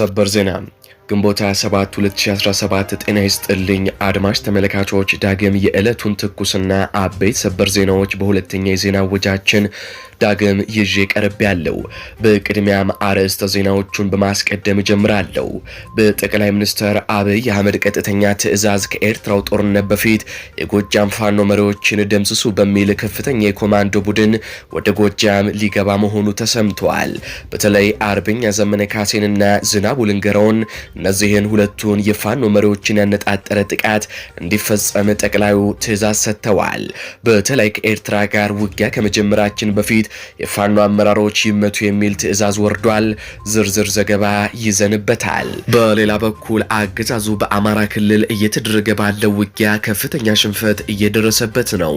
ሰበር ዜና ግንቦት 27 2017። ጤና ይስጥልኝ አድማጭ ተመልካቾች፣ ዳግም የዕለቱን ትኩስና አበይት ሰበር ዜናዎች በሁለተኛ የዜና ወጃችን ዳግም ይዤ ቀርብ ያለው። በቅድሚያም አርዕስተ ዜናዎቹን በማስቀደም ጀምራለሁ። በጠቅላይ ሚኒስትር አብይ አህመድ ቀጥተኛ ትዕዛዝ ከኤርትራው ጦርነት በፊት የጎጃም ፋኖ መሪዎችን ደምስሱ በሚል ከፍተኛ የኮማንዶ ቡድን ወደ ጎጃም ሊገባ መሆኑ ተሰምተዋል። በተለይ አርበኛ ዘመነ ካሴንና ዝናቡ ልንገረውን እነዚህን ሁለቱን የፋኖ መሪዎችን ያነጣጠረ ጥቃት እንዲፈጸም ጠቅላዩ ትዕዛዝ ሰጥተዋል። በተለይ ከኤርትራ ጋር ውጊያ ከመጀመራችን በፊት የፋኖ አመራሮች ይመቱ የሚል ትዕዛዝ ወርዷል። ዝርዝር ዘገባ ይዘንበታል። በሌላ በኩል አገዛዙ በአማራ ክልል እየተደረገ ባለው ውጊያ ከፍተኛ ሽንፈት እየደረሰበት ነው።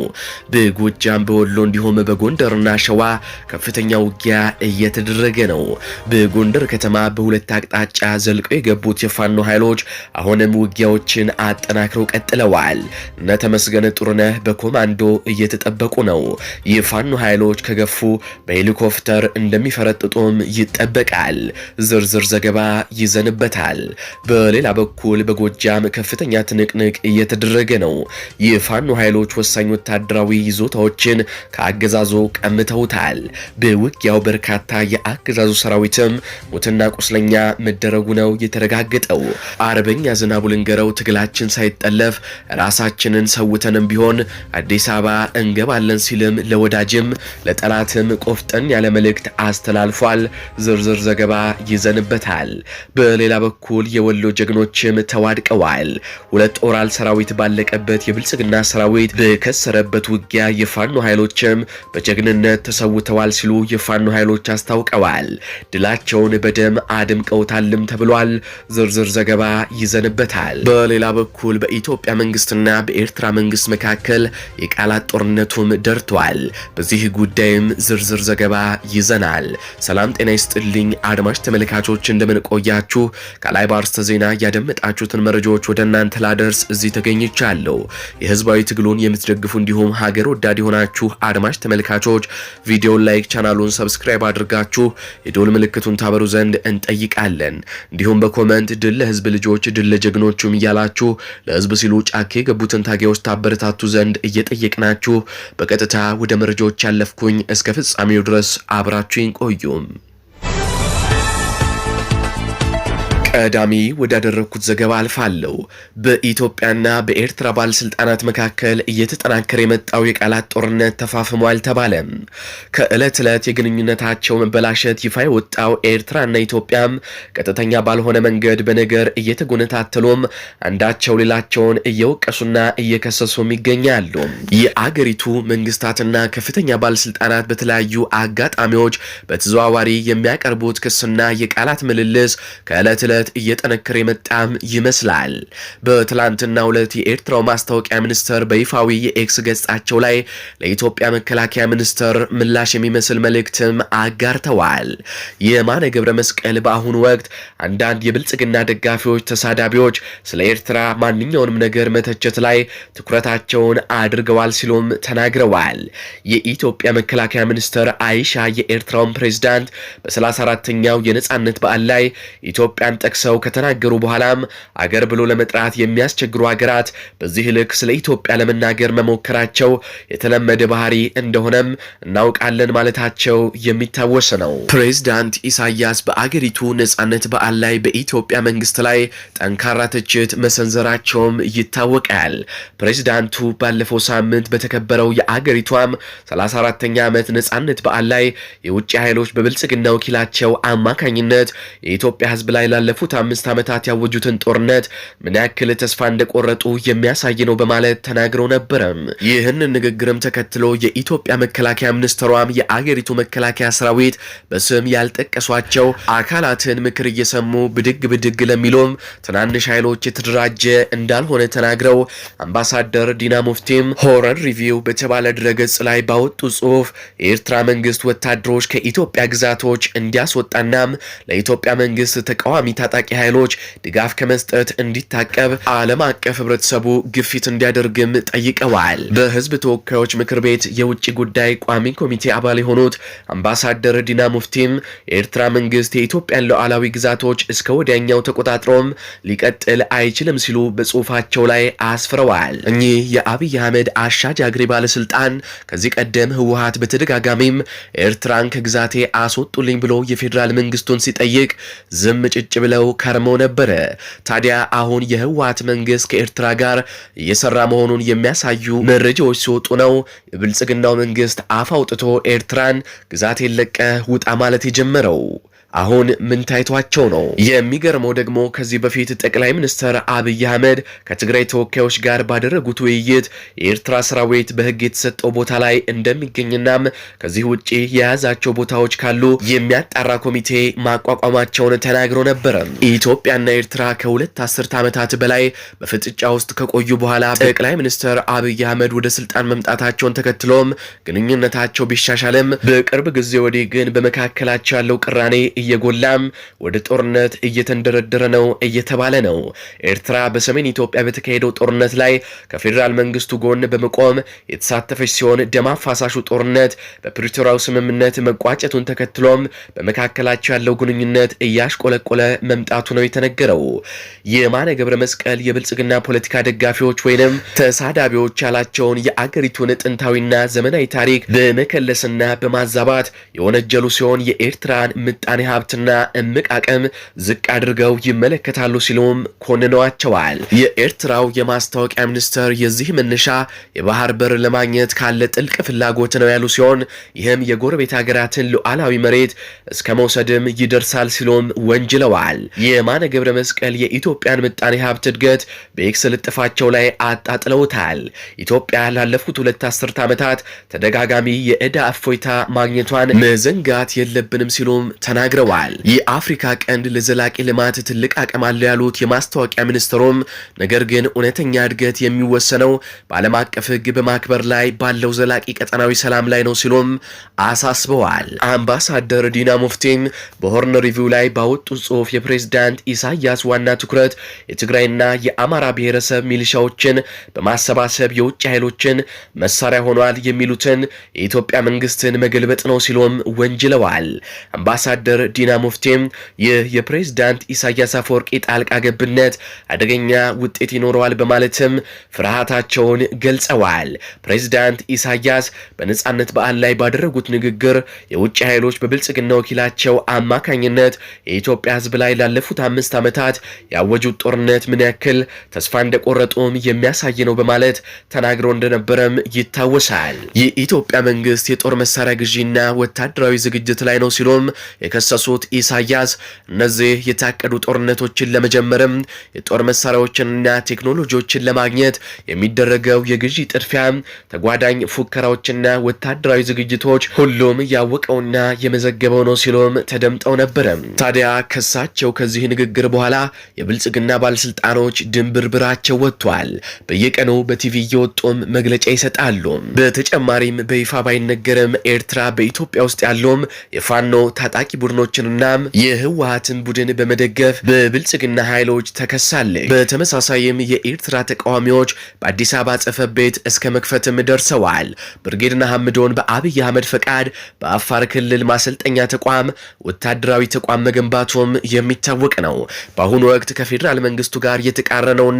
በጎጃም በወሎ እንዲሁም በጎንደርና ሸዋ ከፍተኛ ውጊያ እየተደረገ ነው። በጎንደር ከተማ በሁለት አቅጣጫ ዘልቀው የገቡ የገቡት የፋኖ ኃይሎች አሁንም ውጊያዎችን አጠናክረው ቀጥለዋል። እነ ተመስገነ ጥሩነህ በኮማንዶ እየተጠበቁ ነው። የፋኖ ኃይሎች ከገፉ በሄሊኮፕተር እንደሚፈረጥጡም ይጠበቃል። ዝርዝር ዘገባ ይዘንበታል። በሌላ በኩል በጎጃም ከፍተኛ ትንቅንቅ እየተደረገ ነው። የፋኖ ኃይሎች ወሳኝ ወታደራዊ ይዞታዎችን ከአገዛዙ ቀምተውታል። በውጊያው በርካታ የአገዛዙ ሰራዊትም ሞትና ቁስለኛ መደረጉ ነው የተረጋ ያረጋግጠው። አርበኛ ዝናቡ ልንገረው ትግላችን ሳይጠለፍ ራሳችንን ሰውተንም ቢሆን አዲስ አበባ እንገባለን ሲልም ለወዳጅም ለጠላትም ቆፍጠን ያለ መልእክት አስተላልፏል። ዝርዝር ዘገባ ይዘንበታል። በሌላ በኩል የወሎ ጀግኖችም ተዋድቀዋል። ሁለት ኦራል ሰራዊት ባለቀበት የብልጽግና ሰራዊት በከሰረበት ውጊያ የፋኖ ኃይሎችም በጀግንነት ተሰውተዋል ሲሉ የፋኖ ኃይሎች አስታውቀዋል። ድላቸውን በደም አድምቀውታልም ተብሏል። ዝርዝር ዘገባ ይዘንበታል። በሌላ በኩል በኢትዮጵያ መንግስትና በኤርትራ መንግስት መካከል የቃላት ጦርነቱም ደርቷል። በዚህ ጉዳይም ዝርዝር ዘገባ ይዘናል። ሰላም ጤና ይስጥልኝ አድማጭ ተመልካቾች፣ እንደምንቆያችሁ ከላይ በአርስተ ዜና ያደመጣችሁትን መረጃዎች ወደ እናንተ ላደርስ እዚህ ተገኝቻለሁ። የህዝባዊ ትግሉን የምትደግፉ እንዲሁም ሀገር ወዳድ የሆናችሁ አድማጭ ተመልካቾች ቪዲዮን ላይክ፣ ቻናሉን ሰብስክራይብ አድርጋችሁ የዶል ምልክቱን ታበሩ ዘንድ እንጠይቃለን። እንዲሁም በኮመ ኮመንት ድል ለህዝብ ልጆች ድል ለጀግኖቹም እያላችሁ ለህዝብ ሲሉ ጫካ የገቡትን ታጋዮች ታበረታቱ ዘንድ እየጠየቅናችሁ በቀጥታ ወደ መረጃዎች ያለፍኩኝ፣ እስከ ፍጻሜው ድረስ አብራችሁን ቆዩም። ቀዳሚ ወዳደረግኩት ዘገባ አልፋለሁ። በኢትዮጵያና በኤርትራ ባለስልጣናት መካከል እየተጠናከረ የመጣው የቃላት ጦርነት ተፋፍሟል ተባለ። ከዕለት ዕለት የግንኙነታቸው መበላሸት ይፋ የወጣው ኤርትራና ኢትዮጵያም ቀጥተኛ ባልሆነ መንገድ በነገር እየተጎነታተሉም አንዳቸው ሌላቸውን እየወቀሱና እየከሰሱም ይገኛሉ። የአገሪቱ መንግስታትና ከፍተኛ ባለስልጣናት በተለያዩ አጋጣሚዎች በተዘዋዋሪ የሚያቀርቡት ክስና የቃላት ምልልስ ከዕለት ዕለት ግንኙነት እየጠነከረ የመጣም ይመስላል። በትላንትና ሁለት የኤርትራው ማስታወቂያ ሚኒስትር በይፋዊ የኤክስ ገጻቸው ላይ ለኢትዮጵያ መከላከያ ሚኒስትር ምላሽ የሚመስል መልእክትም አጋርተዋል። የማነ ገብረ መስቀል በአሁኑ ወቅት አንዳንድ የብልጽግና ደጋፊዎች፣ ተሳዳቢዎች ስለ ኤርትራ ማንኛውንም ነገር መተቸት ላይ ትኩረታቸውን አድርገዋል ሲሉም ተናግረዋል። የኢትዮጵያ መከላከያ ሚኒስትር አይሻ የኤርትራውን ፕሬዝዳንት በ34ኛው የነጻነት በዓል ላይ ኢትዮጵያን ጠቅሰው ከተናገሩ በኋላም አገር ብሎ ለመጥራት የሚያስቸግሩ ሀገራት በዚህ ልክ ስለ ኢትዮጵያ ለመናገር መሞከራቸው የተለመደ ባህሪ እንደሆነም እናውቃለን ማለታቸው የሚታወስ ነው። ፕሬዝዳንት ኢሳያስ በአገሪቱ ነጻነት በዓል ላይ በኢትዮጵያ መንግስት ላይ ጠንካራ ትችት መሰንዘራቸውም ይታወቃል። ፕሬዝዳንቱ ባለፈው ሳምንት በተከበረው የአገሪቷም 34ተኛ ዓመት ነጻነት በዓል ላይ የውጭ ኃይሎች በብልጽግና ወኪላቸው አማካኝነት የኢትዮጵያ ህዝብ ላይ ላለፉ ባለፉት አምስት ዓመታት ያወጁትን ጦርነት ምን ያክል ተስፋ እንደቆረጡ የሚያሳይ ነው በማለት ተናግረው ነበረም። ይህን ንግግርም ተከትሎ የኢትዮጵያ መከላከያ ሚኒስትሯም የአገሪቱ መከላከያ ሰራዊት በስም ያልጠቀሷቸው አካላትን ምክር እየሰሙ ብድግ ብድግ ለሚሉም ትናንሽ ኃይሎች የተደራጀ እንዳልሆነ ተናግረው አምባሳደር ዲና ሙፍቲም ሆረር ሪቪው በተባለ ድረገጽ ላይ ባወጡ ጽሁፍ የኤርትራ መንግስት ወታደሮች ከኢትዮጵያ ግዛቶች እንዲያስወጣና ለኢትዮጵያ መንግስት ተቃዋሚ ታጣቂ ኃይሎች ድጋፍ ከመስጠት እንዲታቀብ ዓለም አቀፍ ህብረተሰቡ ግፊት እንዲያደርግም ጠይቀዋል። በህዝብ ተወካዮች ምክር ቤት የውጭ ጉዳይ ቋሚ ኮሚቴ አባል የሆኑት አምባሳደር ዲና ሙፍቲም የኤርትራ መንግስት የኢትዮጵያን ሉዓላዊ ግዛቶች እስከ ወዲያኛው ተቆጣጥሮም ሊቀጥል አይችልም ሲሉ በጽሁፋቸው ላይ አስፍረዋል። እኚህ የአብይ አህመድ አሻጃግሪ ባለስልጣን ከዚህ ቀደም ህወሀት በተደጋጋሚም ኤርትራን ከግዛቴ አስወጡልኝ ብሎ የፌዴራል መንግስቱን ሲጠይቅ ዝም ጭጭ ብለ ብለው ከርመው ነበረ። ታዲያ አሁን የህወሓት መንግስት ከኤርትራ ጋር እየሰራ መሆኑን የሚያሳዩ መረጃዎች ሲወጡ ነው የብልጽግናው መንግስት አፍ አውጥቶ ኤርትራን ግዛት የለቀ ውጣ ማለት የጀመረው። አሁን ምን ታይቷቸው ነው? የሚገርመው ደግሞ ከዚህ በፊት ጠቅላይ ሚኒስትር አብይ አህመድ ከትግራይ ተወካዮች ጋር ባደረጉት ውይይት የኤርትራ ሰራዊት በህግ የተሰጠው ቦታ ላይ እንደሚገኝናም ከዚህ ውጭ የያዛቸው ቦታዎች ካሉ የሚያጣራ ኮሚቴ ማቋቋማቸውን ተናግሮ ነበረ። ኢትዮጵያና ኤርትራ ከሁለት አስርት ዓመታት በላይ በፍጥጫ ውስጥ ከቆዩ በኋላ ጠቅላይ ሚኒስትር አብይ አህመድ ወደ ስልጣን መምጣታቸውን ተከትሎም ግንኙነታቸው ቢሻሻልም በቅርብ ጊዜ ወዲህ ግን በመካከላቸው ያለው ቅራኔ እየጎላም ወደ ጦርነት እየተንደረደረ ነው እየተባለ ነው። ኤርትራ በሰሜን ኢትዮጵያ በተካሄደው ጦርነት ላይ ከፌዴራል መንግስቱ ጎን በመቆም የተሳተፈች ሲሆን ደም አፋሳሹ ጦርነት በፕሪቶሪያው ስምምነት መቋጨቱን ተከትሎም በመካከላቸው ያለው ግንኙነት እያሽቆለቆለ መምጣቱ ነው የተነገረው። የማነ ገብረ መስቀል የብልጽግና ፖለቲካ ደጋፊዎች ወይንም ተሳዳቢዎች ያላቸውን የአገሪቱን ጥንታዊና ዘመናዊ ታሪክ በመከለስና በማዛባት የወነጀሉ ሲሆን የኤርትራን ምጣኔ ሀብትና እምቅ አቅም ዝቅ አድርገው ይመለከታሉ ሲሉም ኮንነዋቸዋል። የኤርትራው የማስታወቂያ ሚኒስትር የዚህ መነሻ የባህር በር ለማግኘት ካለ ጥልቅ ፍላጎት ነው ያሉ ሲሆን ይህም የጎረቤት ሀገራትን ሉዓላዊ መሬት እስከ መውሰድም ይደርሳል ሲሉም ወንጅለዋል። የማነ ገብረ መስቀል የኢትዮጵያን ምጣኔ ሀብት እድገት በኤክስ ልጥፋቸው ላይ አጣጥለውታል። ኢትዮጵያ ላለፉት ሁለት አስርት ዓመታት ተደጋጋሚ የዕዳ እፎይታ ማግኘቷን መዘንጋት የለብንም ሲሉም ተናግረዋል። ብለዋል። የአፍሪካ ቀንድ ለዘላቂ ልማት ትልቅ አቅም አለው ያሉት የማስታወቂያ ሚኒስትሩም ነገር ግን እውነተኛ እድገት የሚወሰነው በዓለም አቀፍ ሕግ በማክበር ላይ ባለው ዘላቂ ቀጠናዊ ሰላም ላይ ነው ሲሉም አሳስበዋል። አምባሳደር ዲና ሙፍቲም በሆርን ሪቪው ላይ ባወጡት ጽሁፍ የፕሬዝዳንት ኢሳያስ ዋና ትኩረት የትግራይና የአማራ ብሔረሰብ ሚሊሻዎችን በማሰባሰብ የውጭ ኃይሎችን መሳሪያ ሆኗል የሚሉትን የኢትዮጵያ መንግስትን መገልበጥ ነው ሲሉም ወንጅለዋል። አምባሳደር ዲና ሙፍቲም ይህ የፕሬዝዳንት ኢሳያስ አፈወርቂ ጣልቃ ገብነት አደገኛ ውጤት ይኖረዋል በማለትም ፍርሃታቸውን ገልጸዋል። ፕሬዝዳንት ኢሳያስ በነጻነት በዓል ላይ ባደረጉት ንግግር የውጭ ኃይሎች በብልጽግና ወኪላቸው አማካኝነት የኢትዮጵያ ሕዝብ ላይ ላለፉት አምስት ዓመታት ያወጁት ጦርነት ምን ያክል ተስፋ እንደቆረጡም የሚያሳይ ነው በማለት ተናግሮ እንደነበረም ይታወሳል። የኢትዮጵያ መንግስት የጦር መሳሪያ ግዢና ወታደራዊ ዝግጅት ላይ ነው ሲሉም የከሰ የዳሰሱት ኢሳያስ እነዚህ የታቀዱ ጦርነቶችን ለመጀመርም የጦር መሳሪያዎችንና ቴክኖሎጂዎችን ለማግኘት የሚደረገው የግዢ ጥድፊያ፣ ተጓዳኝ ፉከራዎችና ወታደራዊ ዝግጅቶች ሁሉም ያወቀውና የመዘገበው ነው ሲሉም ተደምጠው ነበረ። ታዲያ ከሳቸው ከዚህ ንግግር በኋላ የብልጽግና ባለስልጣኖች ድንብርብራቸው ወጥቷል። በየቀኑ በቲቪ እየወጡም መግለጫ ይሰጣሉ። በተጨማሪም በይፋ ባይነገርም ኤርትራ በኢትዮጵያ ውስጥ ያለውም የፋኖ ታጣቂ ቡድኖች ቡድኖችንና የህወሀትን ቡድን በመደገፍ በብልጽግና ኃይሎች ተከሳለች። በተመሳሳይም የኤርትራ ተቃዋሚዎች በአዲስ አበባ ጽሕፈት ቤት እስከ መክፈትም ደርሰዋል። ብርጌድና ሀምዶን በአብይ አህመድ ፈቃድ በአፋር ክልል ማሰልጠኛ ተቋም ወታደራዊ ተቋም መገንባቱም የሚታወቅ ነው። በአሁኑ ወቅት ከፌዴራል መንግስቱ ጋር የተቃረነውና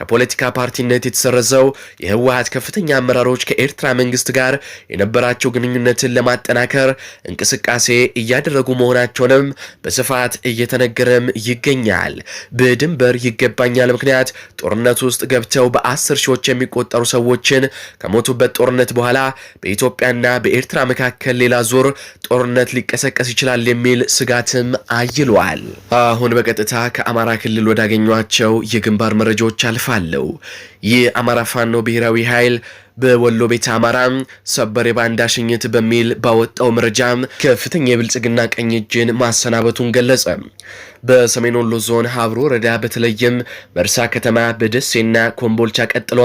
ከፖለቲካ ፓርቲነት የተሰረዘው የህወሀት ከፍተኛ አመራሮች ከኤርትራ መንግስት ጋር የነበራቸው ግንኙነትን ለማጠናከር እንቅስቃሴ እያደረጉ መሆን መሆናቸውንም በስፋት እየተነገረም ይገኛል። በድንበር ይገባኛል ምክንያት ጦርነት ውስጥ ገብተው በአስር ሺዎች የሚቆጠሩ ሰዎችን ከሞቱበት ጦርነት በኋላ በኢትዮጵያና በኤርትራ መካከል ሌላ ዙር ጦርነት ሊቀሰቀስ ይችላል የሚል ስጋትም አይሏል። አሁን በቀጥታ ከአማራ ክልል ወዳገኟቸው የግንባር መረጃዎች አልፋለሁ። ይህ አማራ ፋኖ ብሔራዊ ኃይል በወሎ ቤተ አማራ ሰበር የባንዳ ሽኝት በሚል ባወጣው መረጃ ከፍተኛ የብልጽግና ቀኝ እጅን ማሰናበቱን ገለጸ። በሰሜን ወሎ ዞን ሀብሮ ወረዳ በተለይም መርሳ ከተማ በደሴና ኮምቦልቻ ቀጥሎ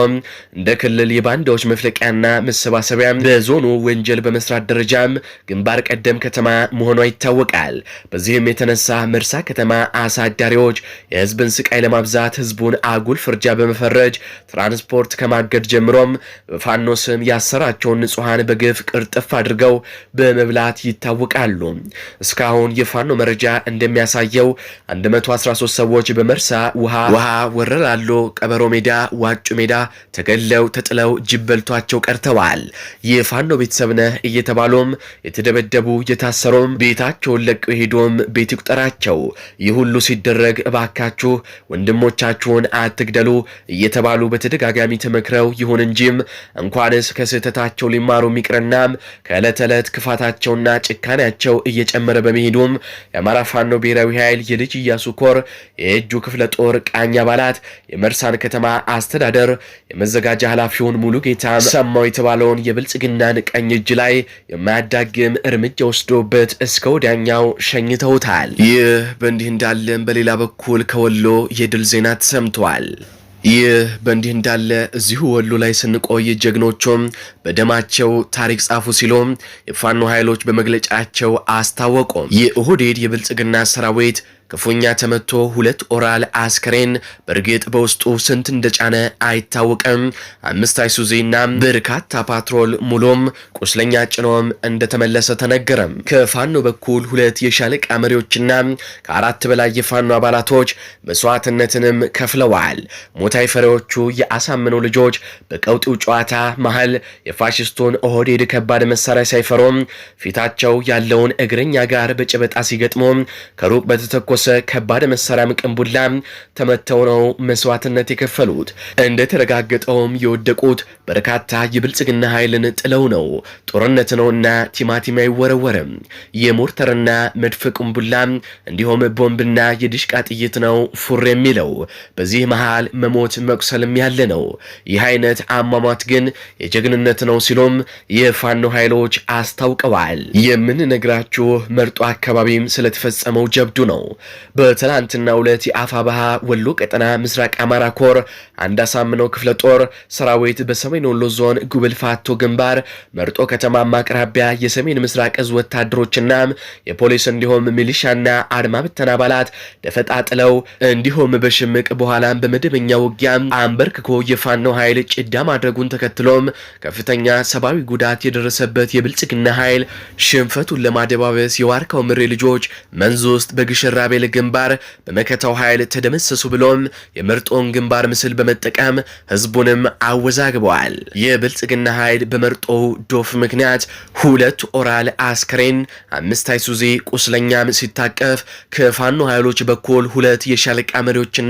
እንደ ክልል የባንዳዎች መፍለቂያና መሰባሰቢያ በዞኑ ወንጀል በመስራት ደረጃም ግንባር ቀደም ከተማ መሆኗ ይታወቃል። በዚህም የተነሳ መርሳ ከተማ አሳዳሪዎች የህዝብን ስቃይ ለማብዛት ህዝቡን አጉል ፍርጃ በመፈረጅ ትራንስፖርት ከማገድ ጀምሮም በፋኖ ስም ያሰራቸውን ንጹሐን በግፍ ቅርጥፍ አድርገው በመብላት ይታወቃሉ። እስካሁን የፋኖ መረጃ እንደሚያሳየው 113 ሰዎች በመርሳ ውሃ ውሃ ወረላሎ፣ ቀበሮ ሜዳ፣ ዋጩ ሜዳ ተገለው ተጥለው ጅብ በልቷቸው ቀርተዋል። የፋኖ ቤተሰብ ነህ እየተባሉም የተደበደቡ የታሰሩም ቤታቸውን ለቀው ሄዶም ቤት ይቁጠራቸው። ይህ ሁሉ ሲደረግ እባካችሁ ወንድሞቻችሁን አትግደሉ እየተባሉ በተደጋጋሚ ተመክረው ይሁን እንጂም እንኳንስ ከስህተታቸው ሊማሩ ይቅርናም ከዕለት ዕለት ክፋታቸውና ጭካኔያቸው እየጨመረ በመሄዱም የአማራ ፋኖ ብሔራዊ ኃይል ልጅ ኢያሱ ኮር የእጁ ክፍለ ጦር ቃኝ አባላት የመርሳን ከተማ አስተዳደር የመዘጋጃ ኃላፊውን ሙሉ ጌታ ሰማው የተባለውን የብልጽግናን ቀኝ እጅ ላይ የማያዳግም እርምጃ ወስዶበት እስከ ወዲያኛው ሸኝተውታል። ይህ በእንዲህ እንዳለም በሌላ በኩል ከወሎ የድል ዜና ተሰምተዋል። ይህ በእንዲህ እንዳለ እዚሁ ወሎ ላይ ስንቆይ ጀግኖቹም በደማቸው ታሪክ ጻፉ ሲሎም የፋኖ ኃይሎች በመግለጫቸው አስታወቁ። የኦህዴድ የብልጽግና ሰራዊት ክፉኛ ተመቶ ሁለት ኦራል አስክሬን በእርግጥ በውስጡ ስንት እንደጫነ አይታወቅም። አምስት አይሱዚና በርካታ ፓትሮል ሙሉም ቁስለኛ ጭኖም እንደተመለሰ ተነገረም። ከፋኖ በኩል ሁለት የሻለቃ መሪዎችና ከአራት በላይ የፋኖ አባላቶች መስዋዕትነትንም ከፍለዋል። ሞታይ ፈሪዎቹ የአሳምነው ልጆች በቀውጢው ጨዋታ መሃል የፋሽስቱን ኦህዴድ ከባድ መሳሪያ ሳይፈሩም ፊታቸው ያለውን እግረኛ ጋር በጨበጣ ሲገጥሙ ከሩቅ በተተኮሰ በተተኮሰ ከባድ መሳሪያ ምቅንቡላ ተመተው ነው መስዋዕትነት የከፈሉት። እንደተረጋገጠውም የወደቁት በርካታ የብልጽግና ኃይልን ጥለው ነው። ጦርነት ነውና ቲማቲም አይወረወርም። የሞርተርና መድፍ ቅንቡላ እንዲሁም ቦምብና የድሽቃ ጥይት ነው ፉር የሚለው። በዚህ መሃል መሞት መቁሰልም ያለ ነው። ይህ አይነት አሟሟት ግን የጀግንነት ነው ሲሉም የፋኖ ኃይሎች አስታውቀዋል። የምንነግራችሁ መርጦ አካባቢም ስለተፈጸመው ጀብዱ ነው። በትላንትና ሁለት የአፋ ባሃ ወሎ ቀጠና ምስራቅ አማራ ኮር አንድ አሳምነው ክፍለ ጦር ሰራዊት በሰሜን ወሎ ዞን ጉብል ፋቶ ግንባር መርጦ ከተማ አቅራቢያ የሰሜን ምስራቅ እዝ ወታደሮችና የፖሊስ እንዲሁም ሚሊሻና አድማ ብተና አባላት ደፈጣ ጥለው እንዲሁም በሽምቅ በኋላም በመደበኛ ውጊያም አንበርክኮ የፋኖ ኃይል ጭዳ ማድረጉን ተከትሎም ከፍተኛ ሰብአዊ ጉዳት የደረሰበት የብልጽግና ኃይል ሽንፈቱን ለማደባበስ የዋርካው ምሬ ልጆች መንዝ ውስጥ በግሽራቤ ኃይል ግንባር በመከታው ኃይል ተደመሰሱ ብሎም የመርጦን ግንባር ምስል በመጠቀም ህዝቡንም አወዛግበዋል። የብልጽግና ኃይል በመርጦው ዶፍ ምክንያት ሁለት ኦራል አስክሬን፣ አምስት አይሱዚ ቁስለኛም ሲታቀፍ ከፋኖ ኃይሎች በኩል ሁለት የሻለቃ መሪዎችና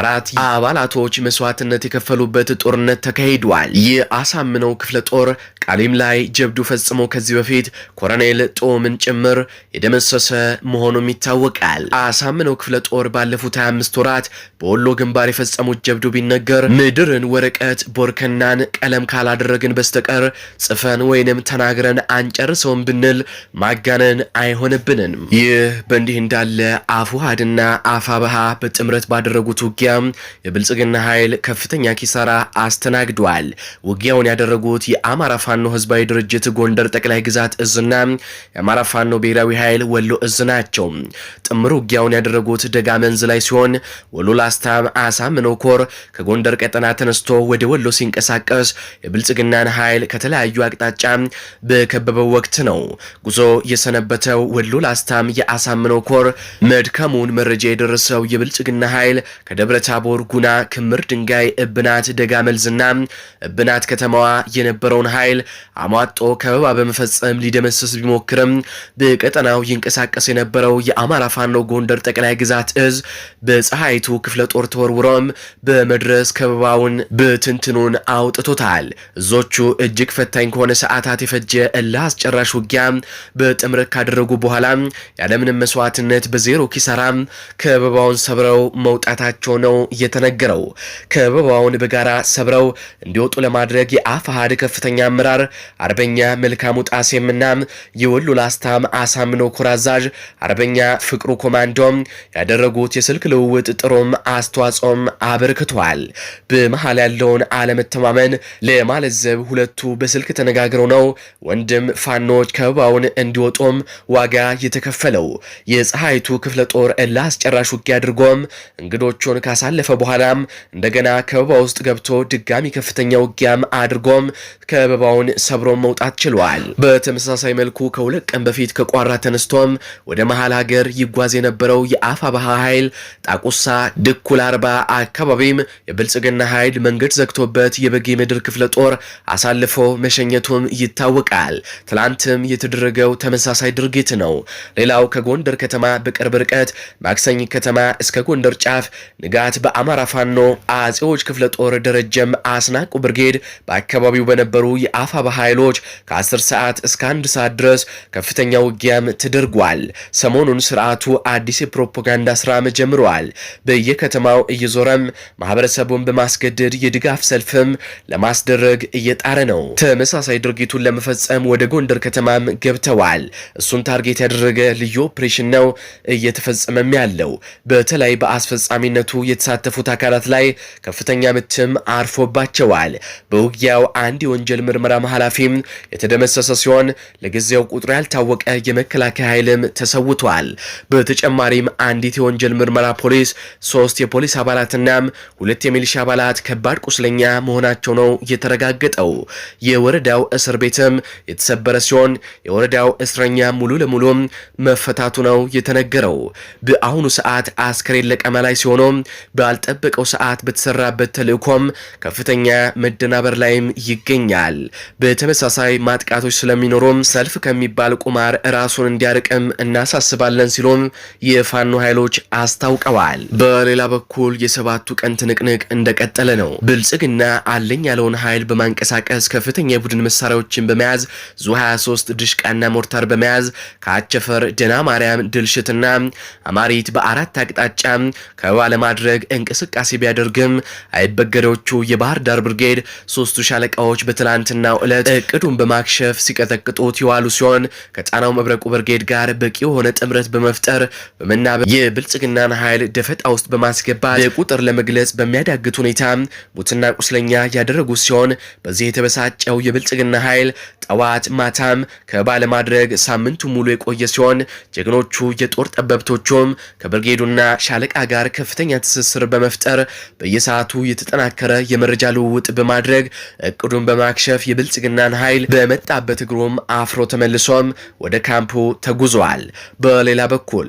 አራት አባላቶች መስዋዕትነት የከፈሉበት ጦርነት ተካሂዷል። የአሳምነው ክፍለ ጦር ቃሊም ላይ ጀብዱ ፈጽሞ ከዚህ በፊት ኮሎኔል ጦምን ጭምር የደመሰሰ መሆኑም ይታወቃል። አሳምነው ክፍለ ጦር ባለፉት 25 ወራት በወሎ ግንባር የፈጸሙት ጀብዱ ቢነገር ምድርን ወረቀት ቦርከናን ቀለም ካላደረግን በስተቀር ጽፈን ወይንም ተናግረን አንጨርሰውን ብንል ማጋነን አይሆንብንም። ይህ በእንዲህ እንዳለ አፉሃድና አፋበሃ በጥምረት ባደረጉት ውጊያ የብልጽግና ኃይል ከፍተኛ ኪሳራ አስተናግዷል። ውጊያውን ያደረጉት የአማራ ፋኖ ህዝባዊ ድርጅት ጎንደር ጠቅላይ ግዛት እዝና የአማራ ፋኖ ብሔራዊ ኃይል ወሎ እዝ ናቸው። በማስተባበር ውጊያውን ያደረጉት ደጋ መንዝ ላይ ሲሆን ወሎ ላስታም አሳምነው ኮር ከጎንደር ቀጠና ተነስቶ ወደ ወሎ ሲንቀሳቀስ የብልጽግናን ኃይል ከተለያዩ አቅጣጫ በከበበው ወቅት ነው ጉዞ የሰነበተው። ወሎ ላስታም የአሳምነው ኮር መድከሙን መረጃ የደረሰው የብልጽግና ኃይል ከደብረ ታቦር፣ ጉና፣ ክምር ድንጋይ፣ እብናት፣ ደጋ መልዝና እብናት ከተማዋ የነበረውን ኃይል አሟጦ ከበባ በመፈጸም ሊደመሰስ ቢሞክርም በቀጠናው ይንቀሳቀስ የነበረው የአማራ ፋኖ የተባለው ጎንደር ጠቅላይ ግዛት እዝ በፀሐይቱ ክፍለ ጦር ተወርውሮም በመድረስ ከበባውን ብትንትኑን አውጥቶታል። እዞቹ እጅግ ፈታኝ ከሆነ ሰዓታት የፈጀ እልህ አስጨራሽ ውጊያ በጥምረት ካደረጉ በኋላ ያለምንም መስዋዕትነት በዜሮ ኪሳራ ከበባውን ሰብረው መውጣታቸው ነው የተነገረው። ከበባውን በጋራ ሰብረው እንዲወጡ ለማድረግ የአፋሃድ ከፍተኛ አመራር አርበኛ መልካሙ ጣሴምና የወሎ ላስታም አሳምነው ኮር አዛዥ አርበኛ ፍቅሩ ኮማንዶም ያደረጉት የስልክ ልውውጥ ጥሩም አስተዋጽኦም አበርክቷል። በመሀል ያለውን አለመተማመን ለማለዘብ ሁለቱ በስልክ ተነጋግረው ነው ወንድም ፋኖች ከበባውን እንዲወጡም ዋጋ የተከፈለው። የፀሐይቱ ክፍለ ጦር እልህ አስጨራሽ ውጊያ አድርጎም እንግዶቹን ካሳለፈ በኋላም እንደገና ከበባ ውስጥ ገብቶ ድጋሚ ከፍተኛ ውጊያም አድርጎም ከበባውን ሰብሮም መውጣት ችሏል። በተመሳሳይ መልኩ ከሁለት ቀን በፊት ከቋራ ተነስቶም ወደ መሀል ሀገር ይጓዝ የነበረው የአፋ ባህ ኃይል ጣቁሳ ድኩል አርባ አካባቢም የብልጽግና ኃይል መንገድ ዘግቶበት የበጌ ምድር ክፍለ ጦር አሳልፎ መሸኘቱም ይታወቃል። ትላንትም የተደረገው ተመሳሳይ ድርጊት ነው። ሌላው ከጎንደር ከተማ በቅርብ ርቀት ማክሰኝ ከተማ እስከ ጎንደር ጫፍ ንጋት በአማራ ፋኖ አጼዎች ክፍለ ጦር ደረጀም አስናቁ ብርጌድ በአካባቢው በነበሩ የአፋ ባህ ኃይሎች ከ10 ሰዓት እስከ አንድ ሰዓት ድረስ ከፍተኛ ውጊያም ተደርጓል። ሰሞኑን ስርዓቱ አዲስ የፕሮፓጋንዳ ስራም ጀምረዋል። በየከተማው እየዞረም ማህበረሰቡን በማስገደድ የድጋፍ ሰልፍም ለማስደረግ እየጣረ ነው። ተመሳሳይ ድርጊቱን ለመፈጸም ወደ ጎንደር ከተማም ገብተዋል። እሱን ታርጌት ያደረገ ልዩ ኦፕሬሽን ነው እየተፈጸመም ያለው። በተለይ በአስፈጻሚነቱ የተሳተፉት አካላት ላይ ከፍተኛ ምትም አርፎባቸዋል። በውጊያው አንድ የወንጀል ምርመራ ኃላፊም የተደመሰሰ ሲሆን ለጊዜው ቁጥሩ ያልታወቀ የመከላከያ ኃይልም ተሰውቷል። በተጨማሪም አንዲት የወንጀል ምርመራ ፖሊስ፣ ሶስት የፖሊስ አባላትና ሁለት የሚሊሻ አባላት ከባድ ቁስለኛ መሆናቸው ነው የተረጋገጠው። የወረዳው እስር ቤትም የተሰበረ ሲሆን የወረዳው እስረኛ ሙሉ ለሙሉ መፈታቱ ነው የተነገረው። በአሁኑ ሰዓት አስከሬን ለቀማ ላይ ሲሆኑ ባልጠበቀው ሰዓት በተሰራበት ተልእኮም ከፍተኛ መደናበር ላይም ይገኛል። በተመሳሳይ ማጥቃቶች ስለሚኖሩም ሰልፍ ከሚባል ቁማር ራሱን እንዲያርቅም እናሳስባለን ሲሉም የፋኖ ኃይሎች አስታውቀዋል። በሌላ በኩል የሰባቱ ቀን ትንቅንቅ እንደቀጠለ ነው። ብልጽግና አለኝ ያለውን ኃይል በማንቀሳቀስ ከፍተኛ የቡድን መሳሪያዎችን በመያዝ ዙ 23 ድሽቃና ሞርታር በመያዝ ከአቸፈር ደና ማርያም ድልሽትና አማሪት በአራት አቅጣጫ ከበባ ለማድረግ እንቅስቃሴ ቢያደርግም አይበገሬዎቹ የባህር ዳር ብርጌድ ሶስቱ ሻለቃዎች በትላንትናው ዕለት እቅዱን በማክሸፍ ሲቀጠቅጡት የዋሉ ሲሆን ከጣናው መብረቁ ብርጌድ ጋር በቂ የሆነ ጥምረት በመፍጠር በመናበብ የብልጽግናን ኃይል ደፈጣ ውስጥ በማስገባት በቁጥር ለመግለጽ በሚያዳግት ሁኔታ ሙትና ቁስለኛ ያደረጉ ሲሆን በዚህ የተበሳጨው የብልጽግና ኃይል ጠዋት ማታም ከባለማድረግ ሳምንቱ ሙሉ የቆየ ሲሆን ጀግኖቹ የጦር ጠበብቶቹም ከብርጌዱና ሻለቃ ጋር ከፍተኛ ትስስር በመፍጠር በየሰዓቱ የተጠናከረ የመረጃ ልውውጥ በማድረግ እቅዱን በማክሸፍ የብልጽግናን ኃይል በመጣበት እግሩም አፍሮ ተመልሶም ወደ ካምፑ ተጉዟል። በሌላ በኩል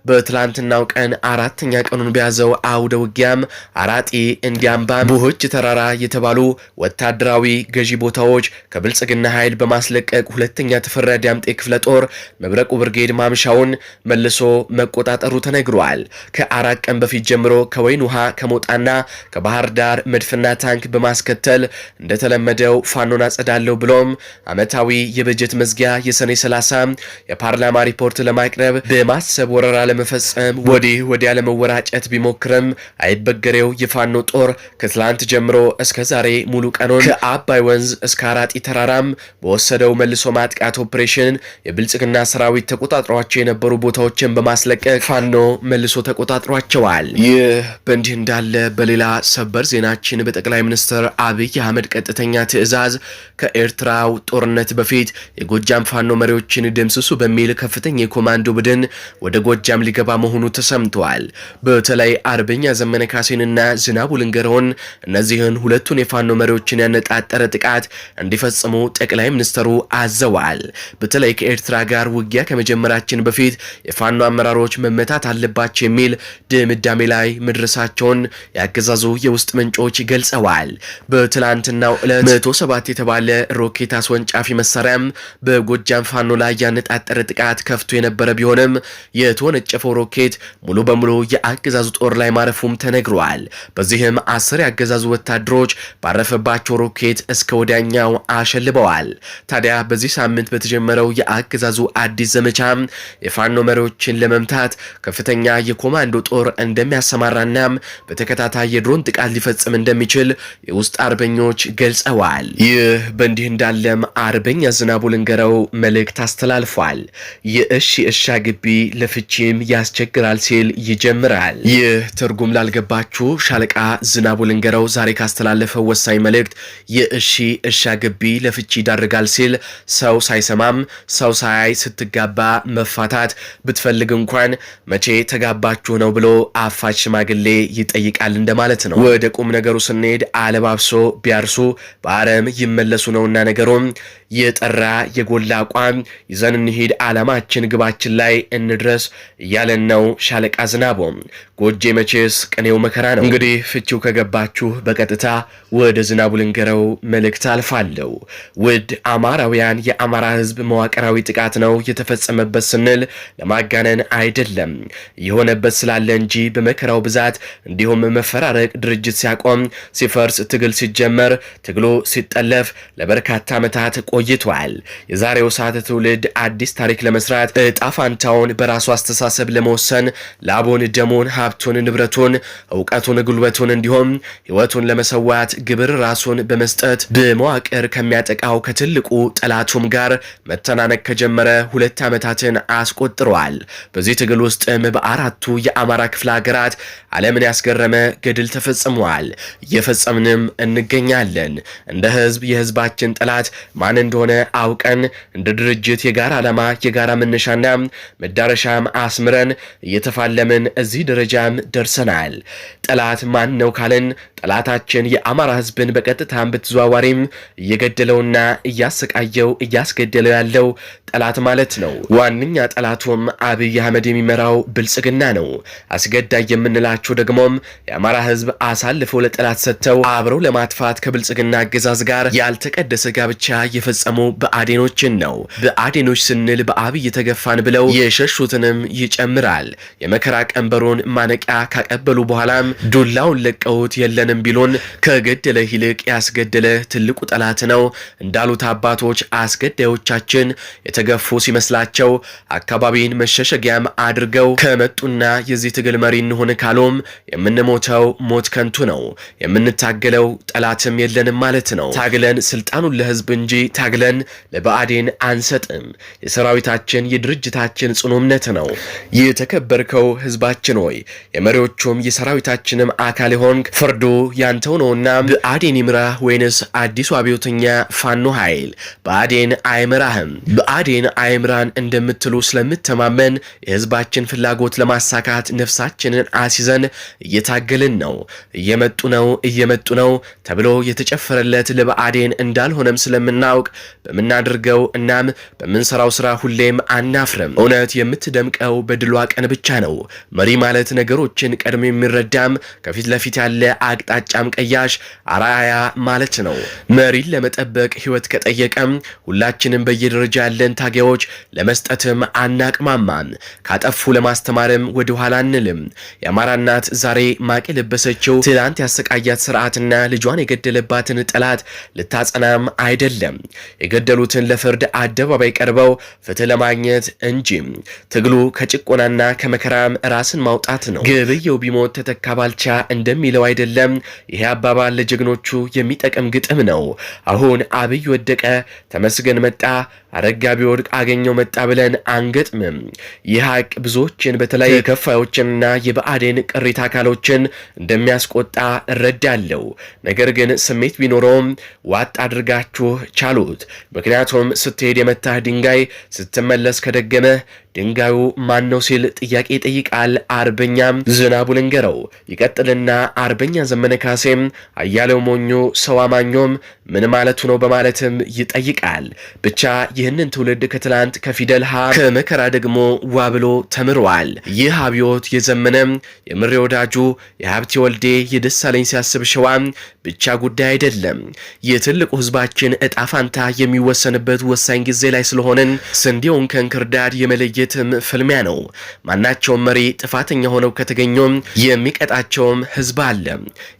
በትላንትናው ቀን አራተኛ ቀኑን በያዘው አውደ ውጊያም አራጢ እንዲያምባ ቡህች ተራራ የተባሉ ወታደራዊ ገዢ ቦታዎች ከብልጽግና ኃይል በማስለቀቅ ሁለተኛ ተፈራ ዳምጤ ክፍለ ጦር መብረቁ ብርጌድ ማምሻውን መልሶ መቆጣጠሩ ተነግሯል። ከአራት ቀን በፊት ጀምሮ ከወይን ውሃ ከሞጣና ከባህር ዳር መድፍና ታንክ በማስከተል እንደተለመደው ፋኖን አጸዳለሁ ብሎም ዓመታዊ የበጀት መዝጊያ የሰኔ 30 የፓርላማ ሪፖርት ለማቅረብ በማሰብ ወረራ ላለመፈጸም ወዲህ ወዲያ ለመወራጨት ቢሞክርም አይበገሬው የፋኖ ጦር ከትላንት ጀምሮ እስከ ዛሬ ሙሉ ቀኑን ከአባይ ወንዝ እስከ አራጢ ተራራም በወሰደው መልሶ ማጥቃት ኦፕሬሽን የብልጽግና ሰራዊት ተቆጣጥሯቸው የነበሩ ቦታዎችን በማስለቀቅ ፋኖ መልሶ ተቆጣጥሯቸዋል። ይህ በእንዲህ እንዳለ በሌላ ሰበር ዜናችን በጠቅላይ ሚኒስትር አብይ አህመድ ቀጥተኛ ትዕዛዝ ከኤርትራው ጦርነት በፊት የጎጃም ፋኖ መሪዎችን ደምስሱ በሚል ከፍተኛ የኮማንዶ ቡድን ወደ ጎጃም ሰላም ሊገባ መሆኑ ተሰምተዋል። በተለይ አርበኛ ዘመነ ካሴንና ዝናቡ ልንገረውን እነዚህን ሁለቱን የፋኖ መሪዎችን ያነጣጠረ ጥቃት እንዲፈጽሙ ጠቅላይ ሚኒስትሩ አዘዋል። በተለይ ከኤርትራ ጋር ውጊያ ከመጀመራችን በፊት የፋኖ አመራሮች መመታት አለባቸው የሚል ድምዳሜ ላይ መድረሳቸውን ያገዛዙ የውስጥ ምንጮች ገልጸዋል። በትላንትናው ዕለት መቶ ሰባት የተባለ ሮኬት አስወንጫፊ መሳሪያም በጎጃም ፋኖ ላይ ያነጣጠረ ጥቃት ከፍቶ የነበረ ቢሆንም የተወነጨ የተወነጨፈው ሮኬት ሙሉ በሙሉ የአገዛዙ ጦር ላይ ማረፉም ተነግሯል። በዚህም አስር የአገዛዙ ወታደሮች ባረፈባቸው ሮኬት እስከ ወዲያኛው አሸልበዋል። ታዲያ በዚህ ሳምንት በተጀመረው የአገዛዙ አዲስ ዘመቻ የፋኖ መሪዎችን ለመምታት ከፍተኛ የኮማንዶ ጦር እንደሚያሰማራና በተከታታይ የድሮን ጥቃት ሊፈጽም እንደሚችል የውስጥ አርበኞች ገልጸዋል። ይህ በእንዲህ እንዳለም አርበኛ ዝናቡ ልንገረው መልእክት አስተላልፏል። የእሺ እሻ ግቢ ለፍቺም ያስቸግራል ሲል ይጀምራል። ይህ ትርጉም ላልገባችሁ ሻለቃ ዝናቡ ልንገረው ዛሬ ካስተላለፈው ወሳኝ መልእክት የእሺ እሻ ግቢ ለፍቺ ይዳርጋል ሲል ሰው ሳይሰማም ሰው ሳያይ ስትጋባ መፋታት ብትፈልግ እንኳን መቼ ተጋባችሁ ነው ብሎ አፋች ሽማግሌ ይጠይቃል እንደማለት ነው። ወደ ቁም ነገሩ ስንሄድ አለባብሶ ቢያርሱ በአረም ይመለሱ ነውና ነገሩም የጠራ የጎላ አቋም ይዘን እንሄድ፣ ዓላማችን ግባችን ላይ እንድረስ እያለን ነው ሻለቃ ዝናቦ። ጎጄ መቼስ ቅኔው መከራ ነው። እንግዲህ ፍቺው ከገባችሁ በቀጥታ ወደ ዝናቡ ልንገረው መልእክት አልፋለሁ። ውድ አማራውያን፣ የአማራ ህዝብ መዋቅራዊ ጥቃት ነው የተፈጸመበት ስንል ለማጋነን አይደለም የሆነበት ስላለ እንጂ በመከራው ብዛት እንዲሁም መፈራረቅ ድርጅት ሲያቆም ሲፈርስ ትግል ሲጀመር ትግሉ ሲጠለፍ ለበርካታ ዓመታት ቆ ቆይቷል። የዛሬው ሰዓት ትውልድ አዲስ ታሪክ ለመስራት እጣ ፋንታውን በራሱ አስተሳሰብ ለመወሰን ላቡን፣ ደሙን፣ ሀብቱን፣ ንብረቱን፣ እውቀቱን፣ ጉልበቱን እንዲሁም ህይወቱን ለመሰዋት ግብር ራሱን በመስጠት በመዋቅር ከሚያጠቃው ከትልቁ ጠላቱም ጋር መተናነቅ ከጀመረ ሁለት ዓመታትን አስቆጥረዋል። በዚህ ትግል ውስጥም በአራቱ የአማራ ክፍለ ሀገራት ዓለምን ያስገረመ ገድል ተፈጽሟል፣ እየፈጸምንም እንገኛለን። እንደ ህዝብ የህዝባችን ጠላት ማንን እንደሆነ አውቀን እንደ ድርጅት የጋራ ዓላማ የጋራ መነሻና መዳረሻም አስምረን እየተፋለምን እዚህ ደረጃም ደርሰናል። ጠላት ማን ነው ካለን ጠላታችን የአማራ ህዝብን በቀጥታም ብትዘዋዋሪም እየገደለውና እያሰቃየው እያስገደለው ያለው ጠላት ማለት ነው። ዋነኛ ጠላቱም አብይ አህመድ የሚመራው ብልጽግና ነው። አስገዳይ የምንላቸው ደግሞም የአማራ ህዝብ አሳልፈው ለጠላት ሰጥተው አብረው ለማጥፋት ከብልጽግና አገዛዝ ጋር ያልተቀደሰ ጋብቻ የፈጸሙ በአዴኖችን ነው። በአዴኖች ስንል በአብይ ተገፋን ብለው የሸሹትንም ይጨምራል። የመከራ ቀንበሩን ማነቂያ ካቀበሉ በኋላም ዱላውን ለቀውት የለን ምንም ቢሎን ከገደለ ይልቅ ያስገደለ ትልቁ ጠላት ነው እንዳሉት አባቶች አስገዳዮቻችን የተገፉ ሲመስላቸው አካባቢን መሸሸጊያም አድርገው ከመጡና የዚህ ትግል መሪ እንሆን ካሎም የምንሞተው ሞት ከንቱ ነው፣ የምንታገለው ጠላትም የለንም ማለት ነው። ታግለን ስልጣኑን ለህዝብ እንጂ ታግለን ለብአዴን አንሰጥም። የሰራዊታችን የድርጅታችን ጽኑ እምነት ነው። የተከበርከው ህዝባችን ሆይ የመሪዎቹም የሰራዊታችንም አካል የሆንክ ፍርዱ ያንተው ነውና ብአዴን ይምራህ ወይንስ አዲሱ አብዮተኛ ፋኖ ኃይል? ብአዴን አይምራህም። ብአዴን አይምራን እንደምትሉ ስለምተማመን የህዝባችን ፍላጎት ለማሳካት ነፍሳችንን አስይዘን እየታገልን ነው። እየመጡ ነው እየመጡ ነው ተብሎ የተጨፈረለት ለብአዴን እንዳልሆነም ስለምናውቅ በምናደርገው እናም በምንሰራው ስራ ሁሌም አናፍርም። እውነት የምትደምቀው በድሏ ቀን ብቻ ነው። መሪ ማለት ነገሮችን ቀድሞ የሚረዳም ከፊት ለፊት ያለ አቅጣ አቅጣጫም ቀያሽ አራያ ማለት ነው። መሪን ለመጠበቅ ህይወት ከጠየቀም ሁላችንም በየደረጃ ያለን ታጋዮች ለመስጠትም አናቅማማን። ካጠፉ ለማስተማርም ወደ ኋላ አንልም። የአማራ እናት ዛሬ ማቅ የለበሰችው ትላንት ያሰቃያት ስርዓትና ልጇን የገደለባትን ጠላት ልታጸናም አይደለም። የገደሉትን ለፍርድ አደባባይ ቀርበው ፍትህ ለማግኘት እንጂ ትግሉ ከጭቆናና ከመከራም ራስን ማውጣት ነው። ግብየው ቢሞት ተተካ ባልቻ እንደሚለው አይደለም። ይሄ አባባል ለጀግኖቹ የሚጠቅም ግጥም ነው። አሁን አብይ ወደቀ፣ ተመስገን መጣ፣ አረጋ ቢወድቅ አገኘው መጣ ብለን አንገጥምም። ይህ ሀቅ ብዙዎችን በተለይ ከፋዮችንና የብአዴን ቅሪተ አካሎችን እንደሚያስቆጣ እረዳለሁ። ነገር ግን ስሜት ቢኖረውም ዋጥ አድርጋችሁ ቻሉት። ምክንያቱም ስትሄድ የመታህ ድንጋይ ስትመለስ ከደገመ ድንጋዩ ማን ነው ሲል ጥያቄ ይጠይቃል። አርበኛ ዝናቡ ልንገረው ይቀጥልና አርበኛ ዘመነ ካሴም አያሌው ሞኞ ሰው አማኞም ምን ማለቱ ነው በማለትም ይጠይቃል። ብቻ ይህንን ትውልድ ከትላንት ከፊደል ሀ ከመከራ ደግሞ ዋ ብሎ ተምሯል። ይህ አብዮት የዘመነም የምሬ ወዳጁ የሀብቴ ወልዴ የደሳለኝ ሲያስብ ሸዋ ብቻ ጉዳይ አይደለም። የትልቁ ህዝባችን እጣ ፋንታ የሚወሰንበት ወሳኝ ጊዜ ላይ ስለሆንን ስንዴውን ከእንክርዳድ የመለየ ዝግጅትም ፍልሚያ ነው። ማናቸውም መሪ ጥፋተኛ ሆነው ከተገኙም የሚቀጣቸውም ህዝብ አለ።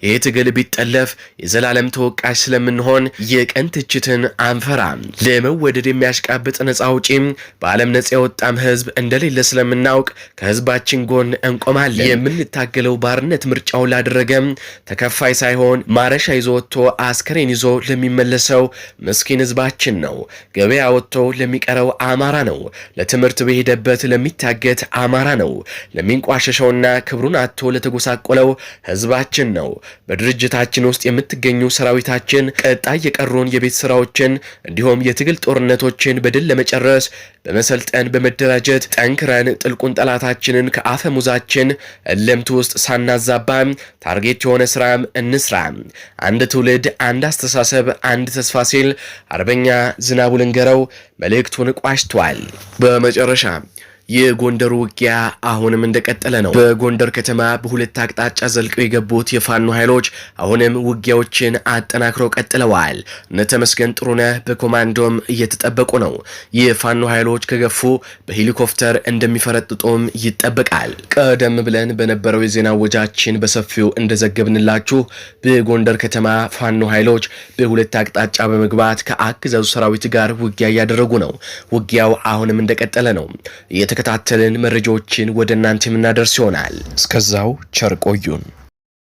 ይህ ትግል ቢጠለፍ የዘላለም ተወቃሽ ስለምንሆን የቀን ትችትን አንፈራ ለመወደድ የሚያሽቃብጥ ነጻ አውጪም በዓለም ነፃ የወጣም ህዝብ እንደሌለ ስለምናውቅ ከህዝባችን ጎን እንቆማለን። የምንታገለው ባርነት ምርጫውን ላደረገም ተከፋይ ሳይሆን ማረሻ ይዞ ወጥቶ አስከሬን ይዞ ለሚመለሰው ምስኪን ህዝባችን ነው። ገበያ ወጥቶ ለሚቀረው አማራ ነው። ለትምህርት ብሄደ ለተፈረደበት ለሚታገት አማራ ነው፣ ለሚንቋሸሸውና ክብሩን አጥቶ ለተጎሳቆለው ህዝባችን ነው። በድርጅታችን ውስጥ የምትገኙ ሰራዊታችን ቀጣይ የቀሩን የቤት ስራዎችን እንዲሁም የትግል ጦርነቶችን በድል ለመጨረስ በመሰልጠን በመደራጀት ጠንክረን ጥልቁን ጠላታችንን ከአፈሙዛችን እለምት ውስጥ ሳናዛባ ታርጌት የሆነ ስራም እንስራ። አንድ ትውልድ፣ አንድ አስተሳሰብ፣ አንድ ተስፋ ሲል አርበኛ ዝናቡ ልንገረው መልእክቱን ቋጭቷል። በመጨረሻ የጎንደር ውጊያ አሁንም እንደቀጠለ ነው። በጎንደር ከተማ በሁለት አቅጣጫ ዘልቀው የገቡት የፋኖ ኃይሎች አሁንም ውጊያዎችን አጠናክረው ቀጥለዋል። እነተመስገን ጥሩነህ በኮማንዶም እየተጠበቁ ነው። የፋኖ ኃይሎች ከገፉ በሄሊኮፕተር እንደሚፈረጥጡም ይጠበቃል። ቀደም ብለን በነበረው የዜና ወጃችን በሰፊው እንደዘገብንላችሁ በጎንደር ከተማ ፋኖ ኃይሎች በሁለት አቅጣጫ በመግባት ከአገዛዙ ሰራዊት ጋር ውጊያ እያደረጉ ነው። ውጊያው አሁንም እንደቀጠለ ነው። እየተከታተልን መረጃዎችን ወደ እናንተ የምናደርስ ይሆናል። እስከዛው ቸር ቆዩን።